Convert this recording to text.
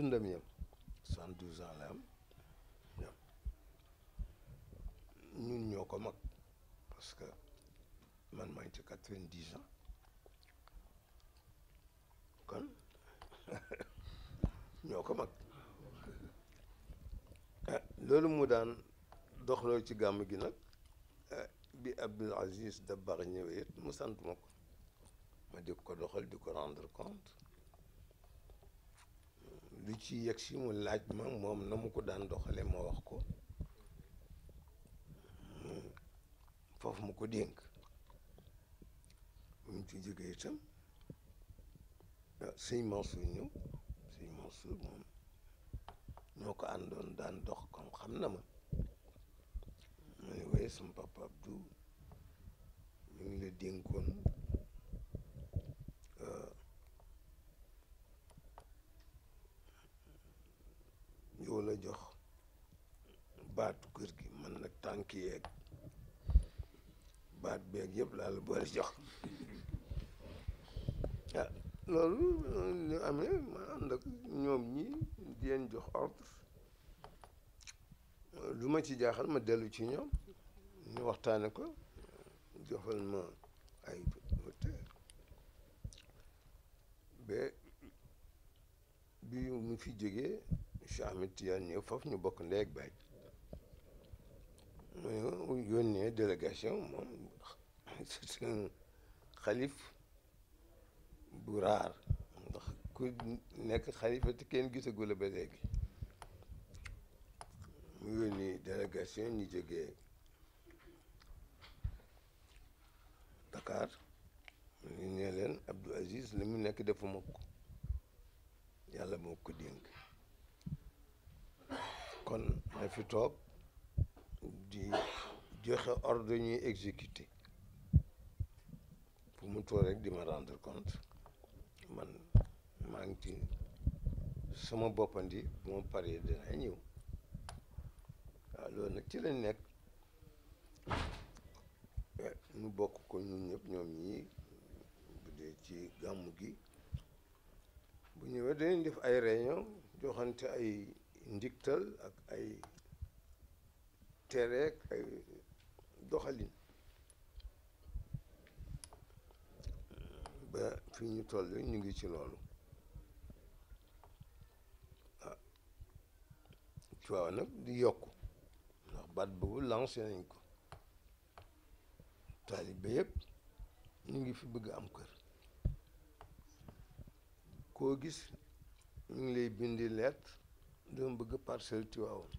dundam yam soixante-douze ans la am ñun ñoo ko mag parce que man maa ngi ci quatre-vingt-dix ans kon ñoo ko mag eh, loolu mu daan doxloo ci gàmm gi nag eh, bi Abdul Aziz Dabakh ñëwee mu sant ma ko ma di ko doxal di ko rendre compte li ci yegg si mu laaj ma moom na mu ko daan doxale ma wax ko mu ko dénk bu mu ci jógee itam sëñ Mansour ñëw sëñ Mansour moom ñoo ko àndoon daan dox comme xam na ma ma ne waaye papa Abdou jox baatu kër gi mën nag tànk yeeg baat beeg yépp laa la boole jox ah loolu ñu amee ma ànd ak ñoom ñi di jox ordre lu ma ci jaaxal ma dellu ci ñoom ñu waxtaane ko joxal ma ay bi mu fi jógee Cheikh Ahmed Tidiane ñëw foofu ñu bokk ndey ak baay mu yónnee délégation moom xalif bu raar ndax ku nekk xalifa te kenn gisagu ba léegi mu yónnee délégation ñu jógee Dakar ñu ne leen Abdou Aziz la mu nekk defuma ko yàlla moo ko dénk kon na fi toog di joxe ordre ñuy exécuter fu mu toog rek di ma rendre compte man maa ngi ci sama boppandi bu ma paree dinaa ñëw waaw loolu nag ci la nekk eh, ñu bokk ko ñun ñëpp ñoom ñi bu dee ci gàmm gi bu ñëwee dañuy def ay réunion joxante ay ndiktal ak ay tereek ay doxalin ba fi ñu toll ñu ngi ci loolu ah Tiwaawan nag di yokk ndax baat boobu lancé nañ ko taalibe yëpp ñu ngi fi bëgg am kër koo gis mu ngi lay bindi lettre dama bëgg parcelle Tivaouane